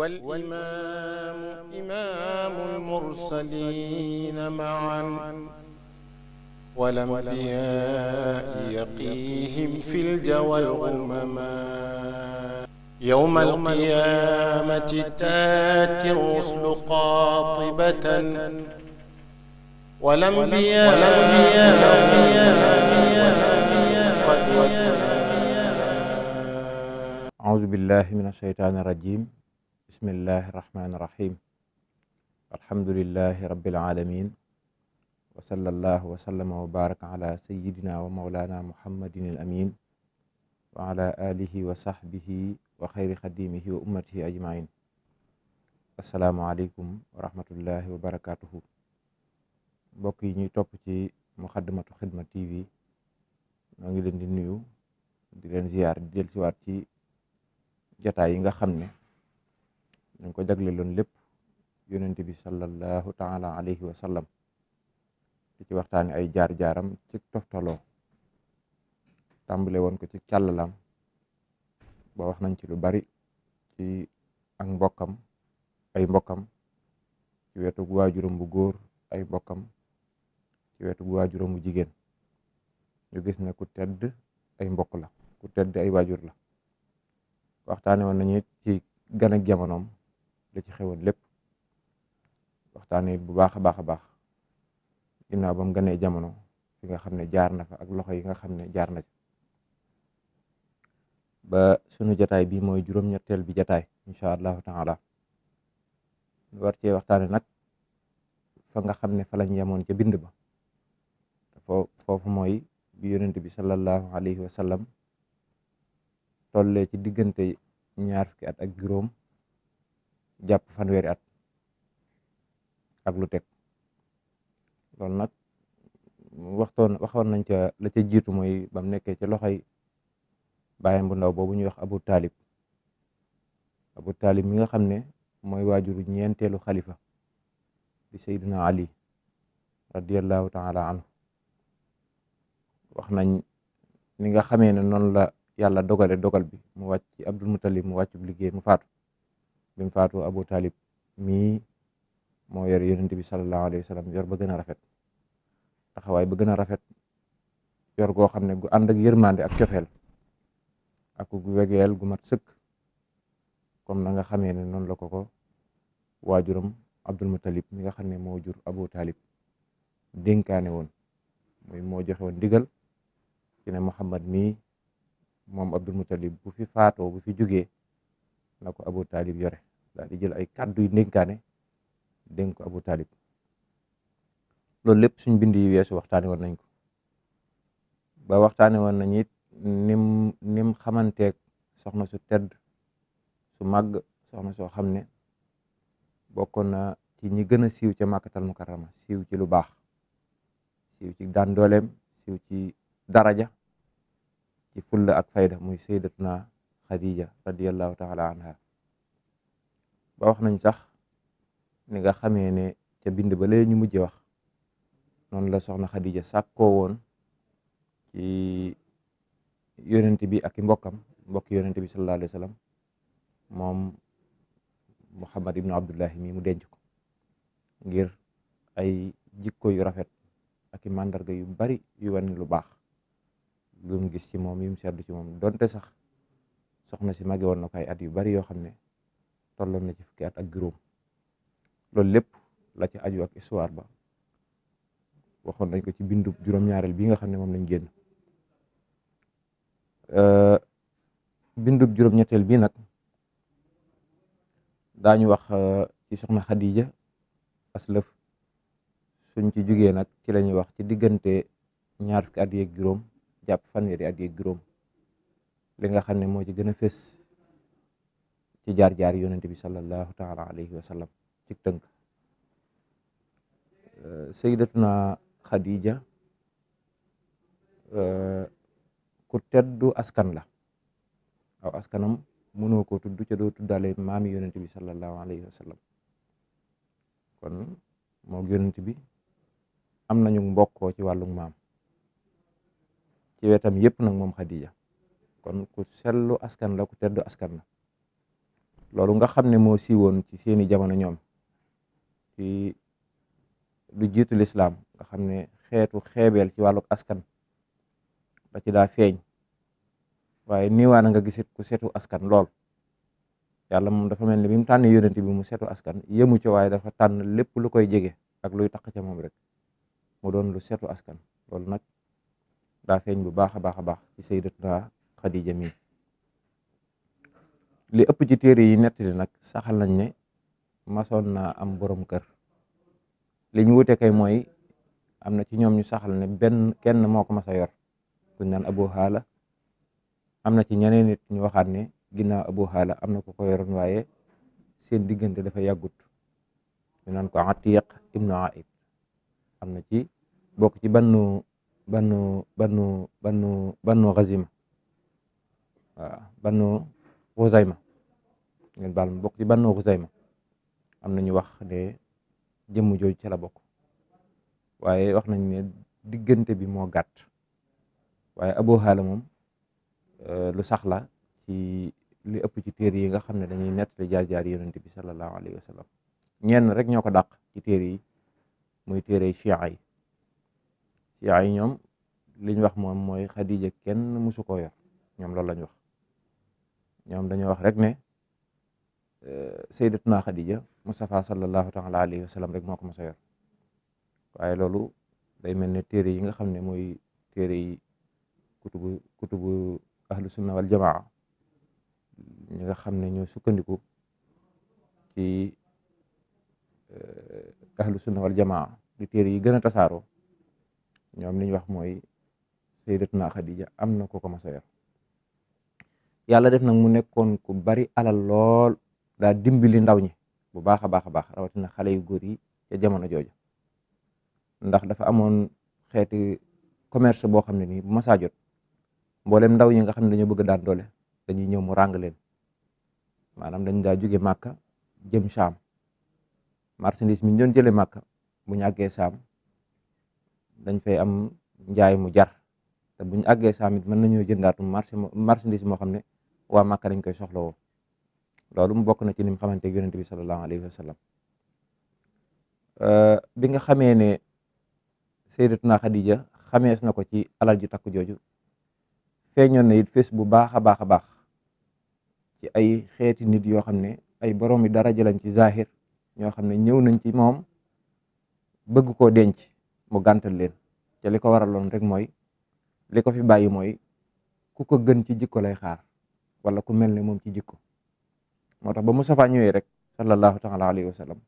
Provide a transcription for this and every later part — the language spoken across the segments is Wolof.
والإمام إمام المرسلين معا والأنبياء يقيهم في الجوى الغمما يوم القيامة تاتي الرسل قاطبة والأنبياء قد وكلا أعوذ بالله من الشيطان الرجيم bismillahi irrahmani irrahim alhamdulilahi rabilalamin wa sallallahu wa sallama wa baraka ala sayidina wa maulana muhammadin al amin wa ala alihi wa sahbihi wa xayri xadimihi wa ummatihi ajmain yi ñuy topp ci tv noo ngi leen di nuyu di leen ziyaar di dellusiwaat ci jataay yi nga xam ne ñu ko ko loon lépp yonent bi sallallahu taala alayhi wa sallam ci waxtaani ay jaar-jaaram ci toftaloo tàmbale woon ko ci càllalam ba wax nañ ci lu bari ci ak mbokkam ay mbokkam ci wetu waajuram bu góor ay mbokkam ci wetu waajuram bu jigéen ñu gis ne ku tedd ay mbok la ku tedd ay waajur la waxtaane woon nañu ci gana ak jamonoom la ci xewoon lépp waxtaanee bu baax a baax a baax ginnaaw bam mu gënee jamono fi nga xam ne jaar na fa ak loxo yi nga xam ne jaar na ci ba sunu jataay bi mooy juróom-ñetteel bi jataay incha allahu taala ñu war cee waxtaane nag fa nga xam ne fa lañ yemoon ca bind ba foofu mooy bi yonent bi sallallahu alayhi wa sallam tollee ci diggante ñaar fukki at ak juróom jàpp fanweeri at ak lu teg loolu nag waxtoon waxoon nañ ca la ca jiitu mooy bam nekkee ci loxoy baayam bu ndaw boobu ñuy wax abu taalib abu taalib mi nga xam ne mooy waajuru ñeenteelu xalifa di sayduna ali radiallahu taala anhu wax nañ ni nga xamee ne noonu la yàlla dogale dogal bi mu wàcc ci abdul mutalib mu wàccu liggéey mu faatu bi mu faatu Abu Talib mii moo yor yonent bi sallallahu alayhi wa sallam yor ba gën a rafet taxawaay ba gën a rafet yor goo xam ne gu ànd ak yërmande ak cofeel ak gu wegeel gu mat sëkk comme na nga xamee ne noonu la ko ko waajuram Abdul Mutalib mi nga xam ne moo jur Abu Talib dénkaane woon muy moo joxe woon ndigal ci ne Muhammad mii moom Abdul Mutalib bu fi faatoo bu fi jugee na ko Abu Talib yore daal di jël ay kàddu yu ndénkaane dénk Abu Talib loolu lépp suñ bind yi weesu waxtaane woon nañ ko ba waxtaane woon nañ it nim nim xamanteeg soxna su tedd su màgg soxna soo xam ne bokkoon na ci ñi gën a siiw ca màkkatal mukarrama siiw ci lu baax siiw ci daan dooleem siiw ci daraja ci fulla ak fayda muy sayyidatuna Khadija radiyallahu taala anha ba wax nañ sax ni nga xamee ne ca bind ba lee ñu mujj wax noonu la soxna Xadija sàkkoo woon ci yonent bi ak i mbokkam mbokk yonent bi sallallahu alayhi wa moom Muhammad ibnu Abdullahi mi mu denc ko ngir ay jikko yu rafet ak i màndarga yu bari yu wane lu baax lu mu gis ci moom yu mu seetlu ci moom donte sax soxna si mage woon na ko ay at yu bari yoo xam ne tolloon na ci fukki at ak juróom loolu lépp la ci aju ak ba waxoon nañ ko ci bindu juróom-ñaareel bi nga xam ne moom lañ génn euh, bindub juróom-ñetteel bi nag daañu wax euh, ci soxna Xadija aslëf suñ ci jugee nag ci la ñuy wax ci diggante ñaar fukki at yeeg juróom jàpp fanweeri at yeeg juróom li nga xam ne moo ci gën a fés ci jaar-jaar ti bi sallallahu taala alayhi wa sallam ci tënk euh, sayyidatuna Khadija euh, ku teddu askan la aw askanam mënoo ko tudd ca doo tuddaale maami yonent bi sallallahu alayhi wa sallam kon moog yonent bi am nañu mbokkoo ci wàllug maam ci wetam yëpp nag moom Khadija kon ku sellu askan la ku teddu askan la loolu nga xam ne moo siiwoon ci seeni jamono ñoom ci lu jiitu lislaam nga xam ne xeetu xeebel ci wàlluk askan da ci daa feeñ waaye niiwaan nga gisit ku setu askan lool yàlla moom dafa mel ni bi mu tànn yonent bi mu setu askan yemu ci waaye dafa tànn lépp lu koy jege ak luy taq ca moom rek mu doon lu setu askan loolu nag daa feeñ bu baax a baax a baax ci sayyidatuna Xadija mi li ëpp ci téere yi nettali nag saxal nañ ne masoon na am borom kër li ñu wute kay mooy am na ci ñoom ñu saxal ne benn kenn moo ko mas yor kuñ naan abu xaala am na ci ñeneen nit ñu ne ginnaaw abu xaala am na ku ko yoroon waaye seen diggante dafa yàggut ñu naan ko atiq ibnu aib am na ci bokk ci bannu bannu bannu bannu bannu bannu Xuzayma ngeen baal ma bokk ci bànnoo Xuzayma am na ñu wax ne jëmm jooju ca la bokk waaye wax nañ ne diggante bi moo gàtt waaye Abu Haala moom euh, lu sax la ci li ëpp ci téere yi nga xam ne dañuy nett jaar-jaar yonent bi sallallahu alayhi wa sallam ñenn rek ñoo ko dàq ci téere yi muy téere Shia yi Shia yi ñoom li ñu wax moom mooy Xadija kenn musu koo yor ñoom loolu la ñu wax. ñoom dañoo wax rek ne euh, sayyidatuna Khadija Mustafa sallallahu taala alayhi wa sallam rek moo ko mos a yor waaye loolu day mel ne téere yi nga xam ne mooy téere yi kutubu kutubu ahlu sunna wal jamaa ñi nga xam ne ñoo sukkandiku ki euh, ahlu sunna wal jamaa di téere yi gën a tasaaroo ñoom li ñu wax mooy sayyidatuna Khadija am na ko ko mos a yor yàlla def nag mu nekkoon ku bari alal lool daa dimbali ndaw ñi bu baax a baax a baax rawatina xale yu góor yi ca jamono jooju ndax dafa amoon xeeti commerce boo xam ne nii bu masaa jot mboolem ndaw yi nga xam ne dañoo bëgg daan doole dañuy ñëw mu ràng leen maanaam dañ daa jóge màkka jëm saam marchandise mi ñu doon jëlee màkka bu ñu àggee saam dañ fay am njaay mu jar te bu ñu àggee saam it mën nañoo jëndaatum marché marchandise moo xam ne waa Màkka dañ koy soxlawoo loolu mu bokk na ci ni mu xamante ne yonent bi sallallahu alayhi wa sallam euh, bi nga xamee ne Sayyidatuna Khadija xamees na ko ci alal ju takk jooju feeñoon na it fees bu baax a baax a baax ci ay xeeti nit yoo xam ne ay boroomi daraja lañ ci zahir ñoo xam ne ñëw nañ ci moom bëgg koo denc mu gàntal leen te li ko loon rek mooy li ko fi bàyyi mooy ku ko gën ci jikko lay xaar. wala ku mel ne moom ci jikko moo tax ba Moustapha ñëwee rek sallallahu taala alayhi wa sallam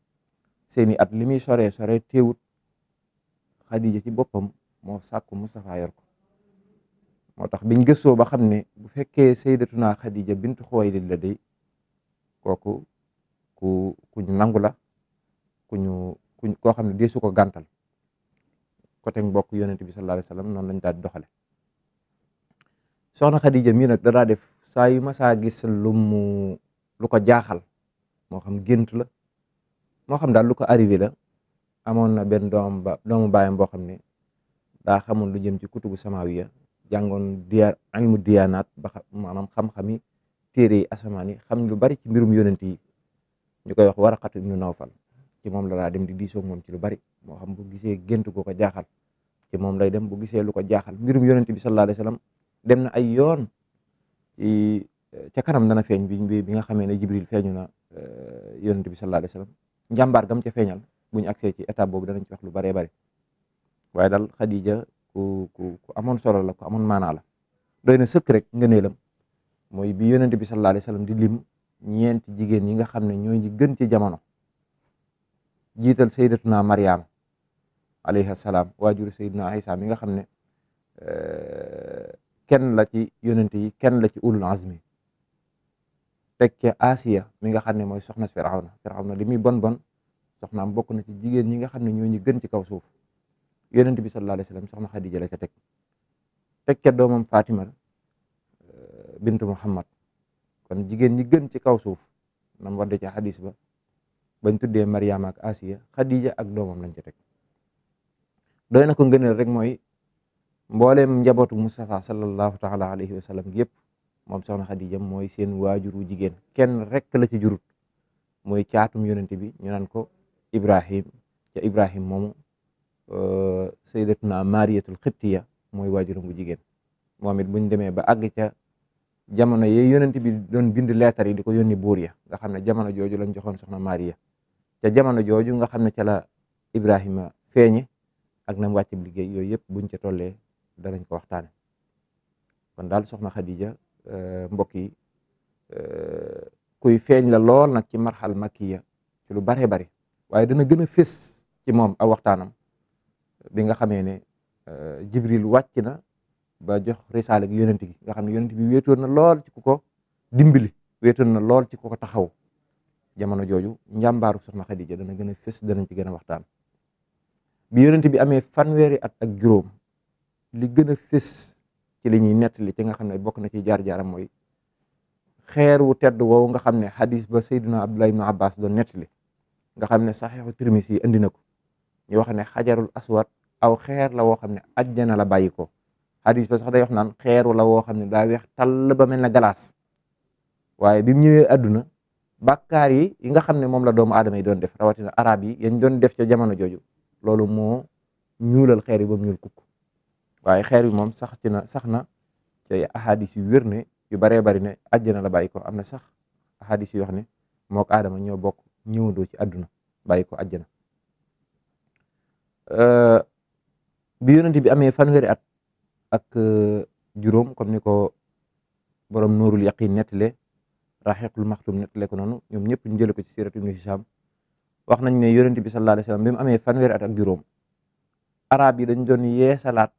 seeni at li muy soree soree teewut Xadija ci boppam moo sàkku Moustapha yor ko moo tax biñ gëstoo ba xam ne bu fekkee sayyidatuna Xadija bintu Xuwaylid la day kooku ku kuñ nangu la kuñu kuñ koo xam ne deesu ko gàntal côté mbokk yonent bi sallallahu alayhi wa sallam noonu lañ daal di doxale soxna Xadija mii nag da daa def saa yu ma saa gis lu mu lu ko jaaxal moo xam gént la moo xam daal lu ko arrivé la amoon na benn doomu ba doomu boo xam ne daa xamoon lu jëm ci kutubu samawiya jàngoon diya ilmu diyaanaat ba maanaam xam-xami téere yi asamaan yi xam lu bari ci mbirum yonent yi ñu koy wax waraqatu ibnu nawfal ci moom la daa dem di diisoo moom ci lu bari moo xam bu gisee gént gu ko jaaxal ci moom lay dem bu gisee lu ko jaaxal mbirum yonent bi sallallahu alayhi wasallam dem na ay yoon ca kanam dana feeñ bi bi nga xamee ne Jibril feeñu na eh, yonent bi sallallahu alayhi wa sallam njàmbaar gam ca feeñal buñu accès ci étape boobu danañ ci wax lu bëree bëri waaye daal Xadija ku ku ku amoon solo la ku amoon maanaa la doy na sëkk rek ngëneelam mooy bi yonent bi sallallahu alayhi wa sallam di lim ñeenti jigéen ñi nga xam ne ñoo ñi gën ci jamono jiital sayyidatuna Maryam alayhi salaam waajuru sayyidina Isa mi nga xam ne eh, kenn la ci yonent yi kenn la ci ulul azmi teg ca Asiya mi nga xam ne mooy soxna Firawna Firawna li muy bon bon soxnaam bokk na ci jigéen ñi nga xam ne ñoo ñu gën ci kaw suuf yonent bi sallallahu alayhi wasallam soxna Xadija la ca teg teg ca doomam Fatima euh, bintu Muhammad kon jigéen ñi gën ci kaw suuf nam wadde ca ba bañ dee Mariama ak Asiya Xadija ak doomam lañ ca teg doy na ko ngëneel rek mooy mbooleem njabootu Moustapha sallallahu taala alayhi wa sallam yëpp moom soxna Xadija mooy seen waajuru jigéen kenn rek la ci jurut mooy caatum yonente bi ñu naan ko Ibrahim ca Ibrahim moomu euh, sayyidatuna Mariyatul Xibtiya mooy waajuram bu jigéen moom it buñ demee ba àgg ca jamono yee yonent bi doon bind leetar yi di ko yónni buur ya nga xam ne jamono jooju lañ joxoon soxna Maria ca jamono jooju nga xam ne ca la Ibrahima feeñe ak na mu wàcc liggéey yooyu yëpp buñ ca tollee danañ ko waxtaane kon daal soxna Khadija euh, mbokk yi euh, kuy feeñ la lool nag ci marxal makkiya ci lu baree bari waaye dana gën a fés ci moom a waxtaanam bi nga xamee ne euh, Jibril wàcc na ba jox risaale gi yonent nga xam ne yonent bi wéetoon na lool ci ku ko dimbali wéetoon na lool ci ku ko taxaw jamono jooju njàmbaaru soxna Khadija dana gën a fés danañ ci gën a waxtaan bi yonent bi amee fanweeri at ak juróom li gën a fés ci li ñuy nettali ci nga xam ne bokk na ci jaar-jaaram mooy xeer wu tedd woowu nga xam ne hadis ba sayduna abdullah ibn abbas doon nettali nga xam ne saxiixu tirmis yi indi na ko ñu wax ne xajarul aswad aw xeer la woo xam ne ajjana la bàyyi ko hadis ba sax da wax naan xeeru la woo xam ne daa weex tàll ba mel na galaas waaye bi mu ñëwee àdduna bàkkaar yi yi nga xam ne moom la doomu aadama yi doon def rawatina arab yi yañ doon def ca jamono jooju loolu moo ñuulal xeer yi ba mu waaye xeer bi moom sax ci na sax na ci yu wér ne yu baree bari ne àjjana la bàyyi ko am na sax ahadis yu wax ne mook aadama ñoo bokk ñëwandoo ci àdduna bàyyi ko àjjana euh, bi yonent bi amee fanweeri at ak euh, juróom comme ni ko borom nuurul yaqin nettale raxiqul maxtum nettale ko noonu ñoom ñëpp ñu jële ko ci siiratu ibnu Hisham wax nañ ne yonent bi sallallahu alayhi wasallam bi amee fanweeri at ak juróom arab yi dañ doon yee salaat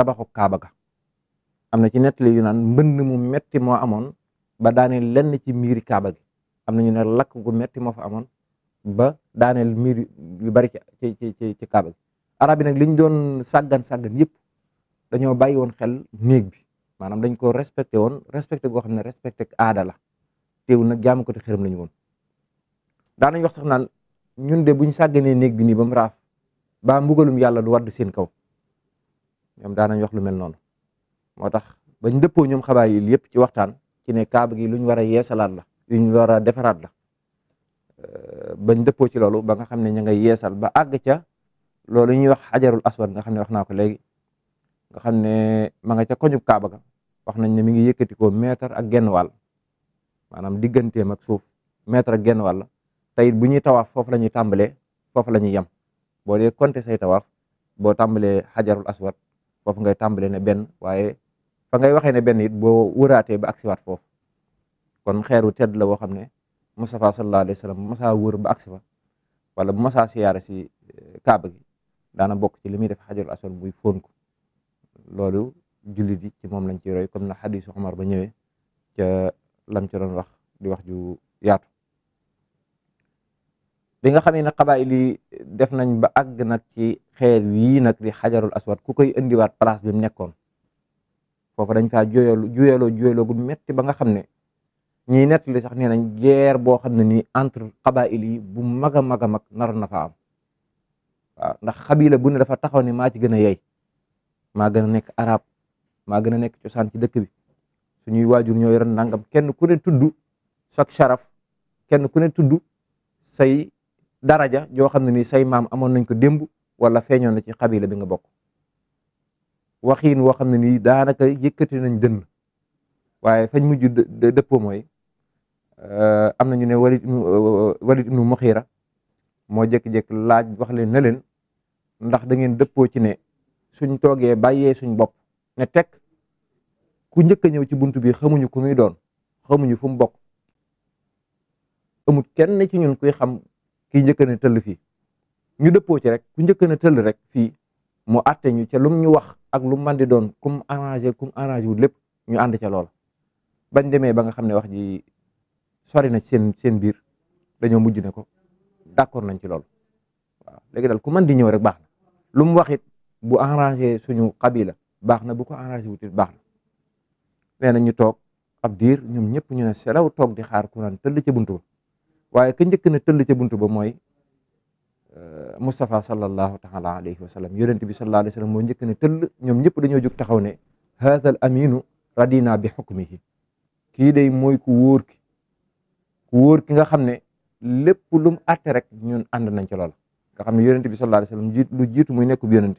tabaxu kaaba ga am na ci nettali yu naan mbënd mu metti moo amoon ba daaneel lenn ci miiri kaaba gi am na ñu ne lakk gu metti moo fa amoon ba daaneel miir yu bari ci ci ci ci kaaba gi arab yi nag liñ doon sàggan sàggan yëpp dañoo bàyyi woon xel néeg bi maanaam dañ ko respecté woon respecté goo xam ne respecté aada la teewul nag jaamu ko te xërëm lañu woon daanañ wax sax naan ñun de buñ sàgganee néeg bi nii ba mu raaf baa mbugalum yàlla du wadd seen kaw ñoom daanañ wax lu mel noonu moo tax bañ dëppoo ñoom xabaar yi yëpp ci waxtaan ci ne kaaba gi luñ war a yeesalaat la luñ war a defaraat la euh, bañ dëppoo ci loolu ba nga xam ne ña ngay yeesal ba àgg ca loolu ñuy wax xajarul aswad nga xam ne wax naa ko léegi nga xam ne ma nga ca koñub kaaba ga wax nañ ne mi ngi yëkkati ko mètre ak genn wàll maanaam digganteem ak suuf mètre ak genn wàll te bu ñuy tawaaf foofu la ñuy tàmbalee foofu la ñuy yem boo dee compter say tawaaf boo tàmbalee xajarul aswad foofu ngay tàmbale ne benn waaye fa ngay waxee ne benn it boo wëraatee ba agsiwaat foofu kon xeeru tedd la woo xam ne Mustafa sallallahu alayhi wa sallam masaa wër ba agsi fa wala bu masaa siyaare si eh, kaaba gi daana bokk ci li muy def xajarul aswad muy fóon ko loolu jullit yi ci moom lañ ci roy comme na xadisu Umar ba ñëwee ca lam ci doon wax di wax ju yaatu bi nga xamee ne xabaayil yi def nañ ba àgg nag ci xeer yii nag di xajarul aswad ku koy indiwaat place bi mu nekkoon foofu dañ faa juyaloo juyaloo juyaloo gu metti ba nga xam ne ñiy nettali sax nee nañ guerre boo xam ne nii entre xabaayil yi bu mag a mag a mag nar na fa am waaw ndax xabila bu ne dafa taxaw ne maa ci gën a yey maa nekk arab maa gën a nekk cosaan ci dëkk bi suñuy waajur ñoo yoroon nangam kenn ku ne tudd sok sharaf kenn ku ne tudd say daraja joo xam ne ni say maam amoon nañ ko démb wala feeñoon na ci xabila bi nga bokk waxiin woo xam ne nii daanaka yëkkati nañ dënn waaye fañ mujj dëppoo mooy euh, am nañu ne walid euh, walid ibnu muxiira moo jékki-jékki laaj wax leen na leen ndax da ngeen dëppoo ci ne suñ toogee bàyyee suñ bopp ne teg ku njëkk ñëw ci bunt bi xamuñu ku muy doon xamuñu fu mu bokk amut kenn ci ñun kuy xam kii njëkk na tëll fii ñu dëppoo ci rek ku njëkk na tëll rek fii mu atte ñu ca lum ñu wax ak lu man di doon kum arrangé kum arrangé wul lépp ñu ànd ca lool bañ demee ba nga xam ne wax ji sori na seen seen biir dañoo mujj ne ko d'accord nañ ci lool waaw léegi daal ku mën di ñëw rek baax na lu mu wax it bu arrangé suñu xabila baax na bu ko arrangé wut it baax na nee na toog ab diir ñoom ñëpp ñu ne selaw toog di xaar ku naan tëll ca buntu ba waaye ka njëkk na tëll ca buntu ba mooy euh, Moustapha sallallahu taala alayhi wa sallam yonent bi sallallahu alayhi sallam moo njëkk na tëll ñoom ñëpp dañoo jóg taxaw ne haadha al aminu radina bi xukmihi kii day mooy ku wóor ki ku wóor ki nga xam ne lépp lu mu àtte rek ñun ànd nañ ci lool nga xam ne yonent bi sallallahu alayhi wa sallam jiitu lu jiitu muy nekk bu yonent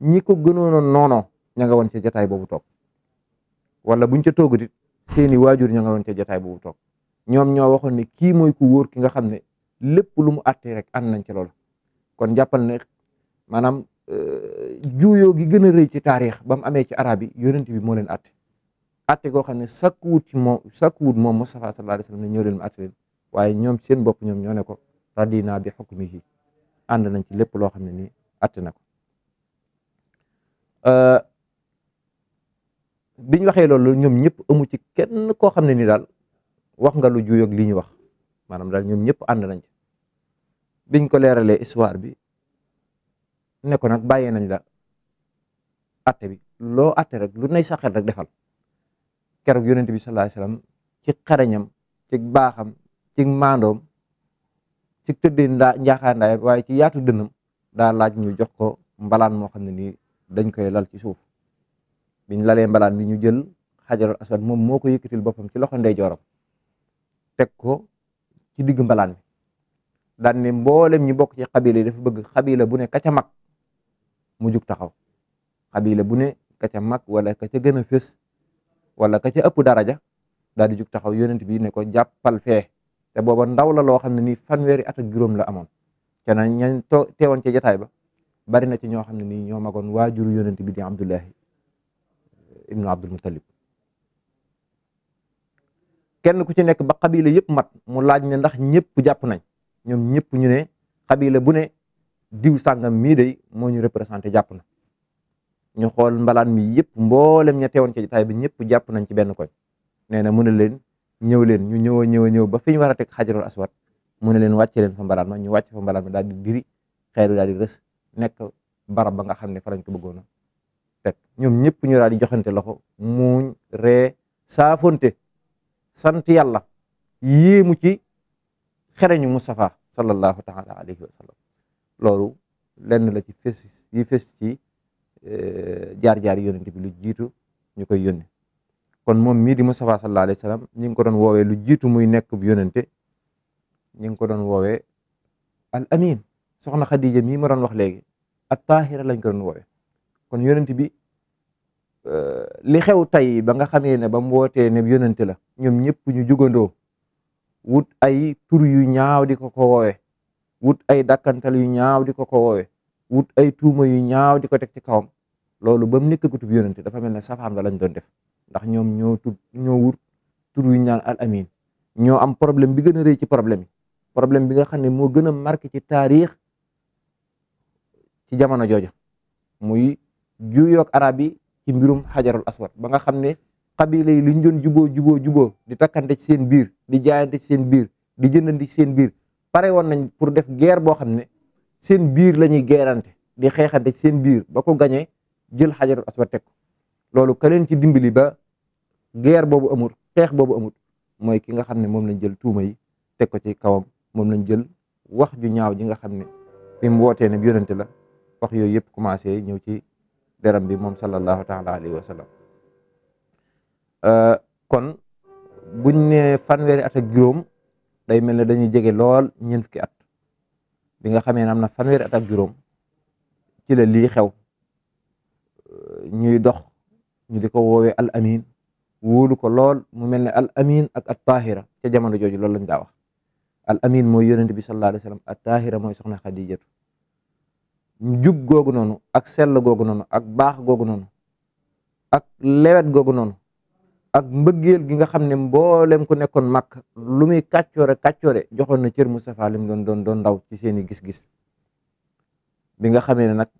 ñi ko gënoon a noonoo ña nga woon ca jataay boobu toog wala buñ ca toogut it seeni waajur ña nga woon ca jataay boobu toog ñoom ñoo waxoon ne kii mooy ku wóor ki nga xam ne lépp lu mu àttee rek ànd nañ ci loolu kon jàppal ne maanaam euh, juuyoo gi gën a rëy ci taarix ba mu amee ci arab yi yonent bi moo leen àtte àtte goo xam ne sakkuwut ci moom sakkuwut moom Mustafa sallallahu alayhi wa sallam ne ñëw leen mu àtte leen waaye ñoom seen bopp ñoom ñoo ne ko radina bi hukmihi ànd nañ ci lépp loo xam ne nii àtte na ko euh, biñ waxee loolu ñoom ñëpp amu ci kenn koo xam ne ni daal wax nga lu juyoog li ñu wax maanaam daal ñoom ñëpp ànd nañ ci biñ ko leeralee histoire bi ne ko nag bàyyee nañ la atte bi loo atte rek lu nay saxel rek defal keroog yonent bi sallallahu alayhi wasallam ci xarañam ci baaxam ci maandoom ci tëddee ndaa njaaxaandaay waaye ci yaatu dënnam daa laaj ñu jox ko mbalaan moo xam ne nii dañ koy lal ci suuf lal lalee mbalaan bi ñu jël xajaral aswad moom moo ko yëkkatil boppam ci loxo ndeyjooram teg ko ci digg mbalaan mi daan ne mboolem ñi bokk ci xabila yi dafa bëgg xabila bu ne ka ca mag mu jug taxaw xabila bu ne ka ca mag wala ka ca gën a fés wala ka ca ëpp daraja daal di jug taxaw yonent bi ne ko jàppal fee te booba ndaw la loo xam ne nii fanweeri at ak juróom la amoon te na ñañ too ca jotaay ba bari na ci ñoo xam ne nii ñoo magoon waajuru yonent bi di Abdullahi ibnu Abdul kenn ku ci nekk ba xabila yëpp mat mu laaj ne ndax ñëpp jàpp nañ ñoom ñëpp ñu ne xabila bu ne diw sàngam mii day moo ñu représenté jàpp na ñu xool mbalaan mi yëpp mboolem ña teewoon ci bi ñëpp jàpp nañ ci benn koñ nee na mu ne leen ñëw leen ñu ñëw a ñëw a ñëw ba fi ñu war a teg xajarul aswad mu ne leen wàcce leen fa mbalaan ma ñu wàcc fa mbalaan ma daal di diri xeeru daal di rës nekk barab ba nga xam ne fa lañ ko bëggoon a teg ñoom ñëpp ñu daal di joxante loxo muuñ ree saafonte sant yàlla yéemu ci xereñu Mustafa sallallahu taala alayhi wa loolu lenn la ci fes yi fes ci eh, jaar-jaar yónent bi lu jiitu ñu koy yónne kon moom mii di Mustafa sallallahu alayhi wa sallam ngi ko doon woowee lu jiitu muy nekk yónente ñi ngi ko doon woowee al amin soxna Xadija mii ma doon wax léegi at tahira lañ ko doon woowee kon yónent bi Euh, li xew tey ba nga xamee ne ba mu wootee ne yonente la ñoom ñëpp ñu jugandoo wut ay tur yu ñaaw di ko ko woowee wut ay dakkantal yu ñaaw di ko ko woowee wut ay tuuma yu ñaaw di ko teg ci kawam loolu bam mu nekk gutub yonente dafa mel ne safaan ba lañ doon def ndax ñoom ñoo tub ñoo wut tur yu ñaan al amin ñoo am problème bi gën a rëy ci problème yi problème bi nga xam ne moo gën a marqué ci taarix ci jamono jooju muy juyoog arab yi ci mbirum xajarul aswad ba nga xam ne xabila yi liñ doon juboo juboo juboo di takkante ci seen biir di jaayante ci seen biir di jëndandi ci seen biir pare woon nañ pour def guerre boo xam ne seen biir la ñuy guerrante di xeexante ci seen biir ba ko gañee jël xajarul aswad teg ko loolu ka leen ci dimbali ba guerre boobu amul xeex boobu amul mooy ki nga xam ne moom lañ jël tuuma yi teg ko ci kawam moom lañ jël wax ju ñaaw ji nga xam ne bi mu wootee ne bi yonente la wax yooyu yëpp commencé ñëw ci deram bi moom sallallahu taala alayhi wa sallam euh, kon buñ ne fanweeri at ak juróom day mel ne dañuy jege lool ñeent fukki at bi nga xamee ne am na fanweeri at ak juróom ci la lii xew euh, ñuy dox ñu di ko woowee al amin wóolu ko lool mu mel ne al amin ak at tahira ca jamono jooju lool lañ daa wax al amin mooy yonent bi sallallahu alayhi wa sallam at tahira mooy soxna xadijatu jub googu noonu ak sell googu noonu ak baax googu noonu ak lewet googu noonu ak mbëggeel gi nga xam ne mboolem ku nekkoon màkk lu muy kàccoore kàccoore joxoon na cër Moustapha lim doon doon doon ndaw ci seeni gis-gis bi nga xamee ne nag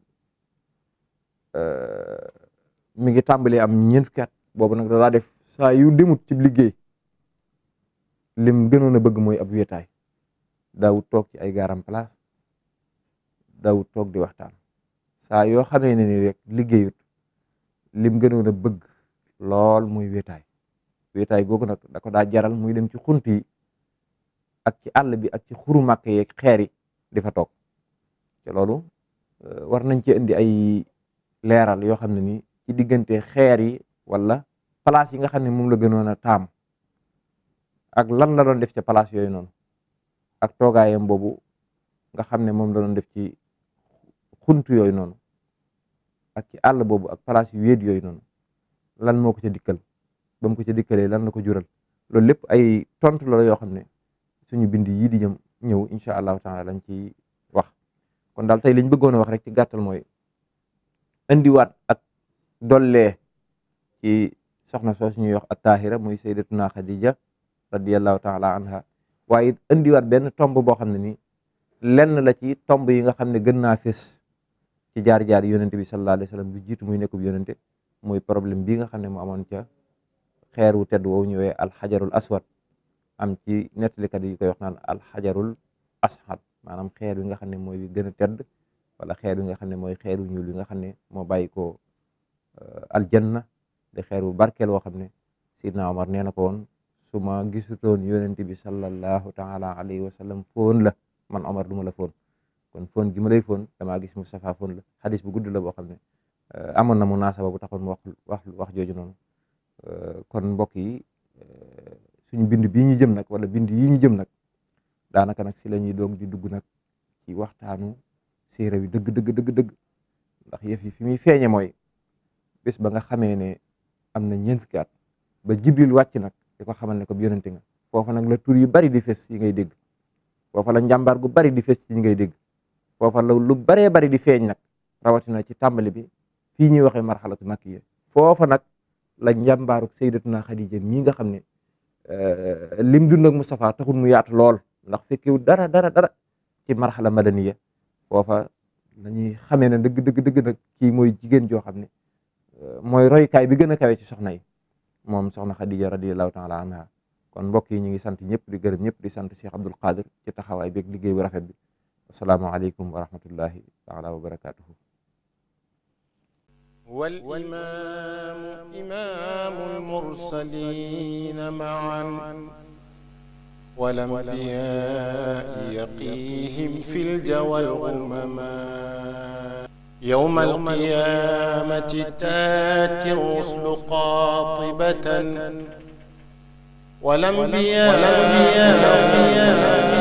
euh, mi ngi tàmbalee am ñeent fukki boobu nag daa def saa yu demut ci liggéey lim gënoon a bëgg mooy ab wéetaay daawut toog ci ay garam place daawut toog di waxtaan saa yoo xamee ne ni rek liggéeyut lim gënoon a bëgg lool muy wéetaay wéetaay googu nag da ko daa jaral muy dem ci xunt yi ak ci àll bi ak ci xuru màkk yeeg xeer yi di fa toog te loolu euh, war nañ ci indi ay leeral yoo xam ne ni ci diggante xeer yi wala place yi nga xam ne moom la gënoon a taam ak lan la doon def ca place yooyu noonu ak nga xam ne moom la doon def ci xunt yooyu noonu ak ci àll boobu ak place yu wéet yooyu noonu lan moo ko ca dikkal ba mu ko ca dikkalee lan la ko jural loolu lépp ay tontu la yoo xam ne suñu bind yii di jëm ñëw incha allahu taala lañ ci wax kon daal tey liñ bëggoon a wax rek ci gàttal mooy indiwaat ak dollee soxna soo suñuy wax at-Tahira muy sayyidatuna Khadija radiyallahu taala anha waaye indiwaat benn tomb boo xam ne ni lenn la ci tomb yi nga xam ne gën naa fés ci jaar-jaar yonente bi sallallahu alayhi wa sallam lu jiitu muy nekkub yonente mooy problème bi nga xam ne mu amoon ca xeer wu tedd woowu ñëwee alxajarul aswad am ci nettalikat yi koy wax naan alxajarul ashad maanaam xeer wi nga xam ne mooy bi gën a tedd wala xeer wi nga xam ne mooy xeeru ñuul wi nga xam ne moo bàyyi ko euh, aljanna de xeer wu barkeel woo xam ne sidna omar nee na ko woon su ma gisutoon yonente bi sallallahu taala alayhi wa sallam foon la man omar la foon kon fon gi ma lay fon damaa gis Moustapha fon la xadis bu gudd la boo xam ne euh, amoon na mu naasaba bu taxoon mu wax wax wax jooju noonu euh, kon mbokk yi euh, suñu bind bii ñu jëm nag wala bind yi ñu jëm nag daanaka nag si la ñuy doog di dugg nag ci waxtaanu séeréer yi dëgg dëgg dëgg dëgg ndax yëf yi fi muy feeñe mooy bés ba nga xamee ne am na ñeen fukki at ba Jibril wàcc nag di ko xamal ne ko bi yonente nga foofa nag la tur yu bari di fes yi ngay dégg foofa la njàmbaar gu bari di fes yi ngay dégg foofa la lu baree bari di feeñ nag rawatina ci tàmbali bi fii ñuy waxee marxalatu makkiya foofa nag la njàmbaaruk sayyidatuna Xadija mii nga xam ne euh, lim dund ak Mustafa taxul mu yaatu lool ndax fekkiwu dara dara dara ci marxala madaniya foofa la ñuy xamee ne dëgg dëgg dëgg nag kii mooy jigéen joo xam ne euh, mooy roykaay bi gën a kawe ci soxna yi moom soxna Xadija radiyallahu taala anha kon mbokk yi ñu ngi sant ñëpp di gërëm ñëpp di sant Cheikh Abdul Qadir ci taxawaay bi ak bu rafet bi asalaamaaleykum wa rahmatullahi taala wa barakaatuhu wal imaamu imaamul mursaliina ma'an wal anbiyaa'i yaqiihim fil jawwal umamaa yawmal qiyaamati taati rusulu qaatibatan wal anbiyaa'u